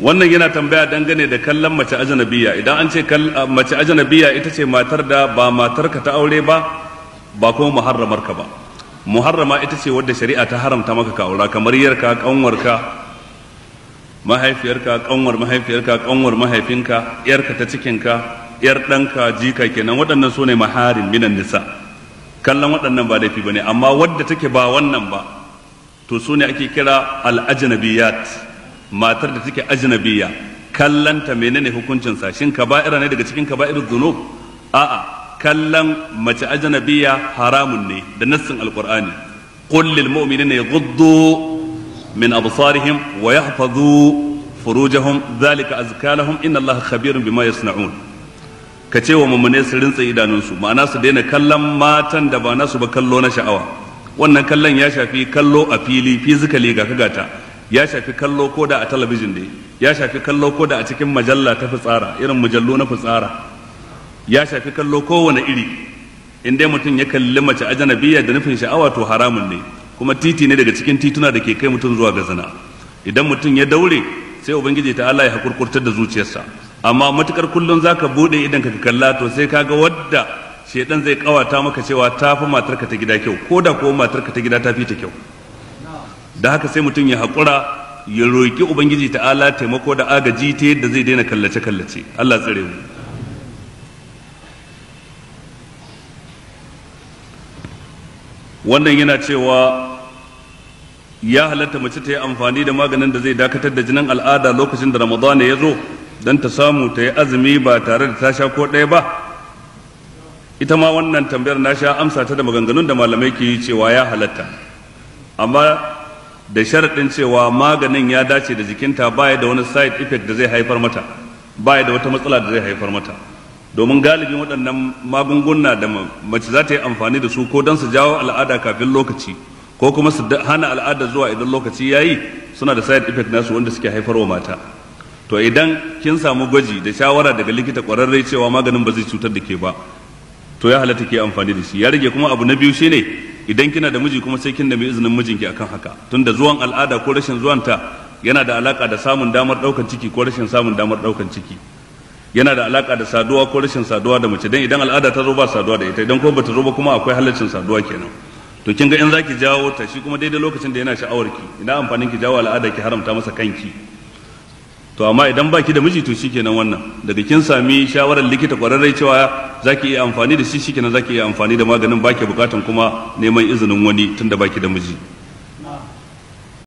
wannan yana tambaya dangane da kallon mace ajanabiya idan an ce mace ajanabiya ita ce matar da ba matarka ta aure ba ba kuma muharramarka ba muharrama ita ce wadda shari'a ta haramta maka ka aura kamar yarka kanwarka mahaifiyarka kanwar mahaifiyarka kanwar mahaifinka yarka ta cikinka yar ɗanka jika kenan waɗannan su ne maharin minan nisa kallon waɗannan ba laifi ba ne amma wadda take ba wannan ba to su ne ake kira al-ajnabiyat matar da take ajnabiya kallanta menene hukuncin sa shin kaba'ira ne daga cikin kabair dhunub a'a kallan mace ajnabiya haramun ne da nassin alqur'ani qul lil mu'minina yaghuddu min absarihim wa yahfazu furujahum dhalika azka lahum inna allaha khabirun bima yasna'un ce wa mummune su rintsa idanunsu ma'ana su daina kallon matan da ba nasu ba kallo na sha'awa wannan kallon ya shafi kallo a fili fizikali ga kagata ya shafi kallo ko da a talabijin ne ya shafi kallo ko da a cikin majalla ta fitsara irin mujallu na fitsara ya shafi kallo kowane iri in dai mutum ya kalli mace ajanabiya da nufin sha'awa to haramun ne kuma titi ne daga cikin tituna da ke kai mutum zuwa ga zina idan mutum ya daure sai ubangiji ta Allah ya hakurkurtar da zuciyarsa amma matukar kullum zaka bude idan ka kalla to sai kaga wadda shedan zai kawata maka cewa ta fi matarka ta gida kyau koda da ko matarka ta gida ta fi ta kyau da haka sai mutum ya haƙura ya roƙi ubangiji ta'ala taimako da agaji ta yadda zai daina kallace-kallace allah tsare mu wannan yana cewa ya halatta mace ta yi amfani da maganin da zai dakatar da jinin al'ada lokacin da ramadana ya zo don ta samu ta yi azumi ba tare da ta sha ko ɗaya ba ita ma wannan tambayar na sha amsa ta da maganganun da malamai ke yi cewa ya halatta amma da sharaɗin cewa maganin ya dace da jikinta baya da wani side effect da zai haifar mata baya da wata matsala da zai haifar mata domin galibi waɗannan magunguna da mace za ta yi amfani da su ko don su jawo al'ada kafin lokaci ko kuma su hana al'ada zuwa idan lokaci ya yi suna da side effect nasu wanda suke haifar wa mata to idan kin samu gwaji da shawara daga likita ƙwararre cewa maganin ba zai cutar da ke ba to ya halatta ke amfani da shi ya rage kuma abu na biyu shine idan kina da miji kuma sai kin mai izinin mijinki akan haka tunda zuwan al'ada ko rashin zuwanta yana da alaka da samun damar daukan ciki ko rashin samun damar daukan ciki yana da alaka da saduwa ko rashin saduwa da mace dan idan al'ada ta zo ba saduwa da ita idan ko bata zo ba kuma akwai halaccin saduwa kenan to kin ga in zaki jawo ta shi kuma daidai lokacin da yana sha'awar ki ina amfanin ki jawo al'ada ki haramta masa kanki to amma idan baki da miji to shikenan wannan daga kin sami shawarar likita kwararre cewa zaki iya amfani da shi shikenan zaki iya amfani da maganin baki bukatan kuma neman izinin wani tunda baki da miji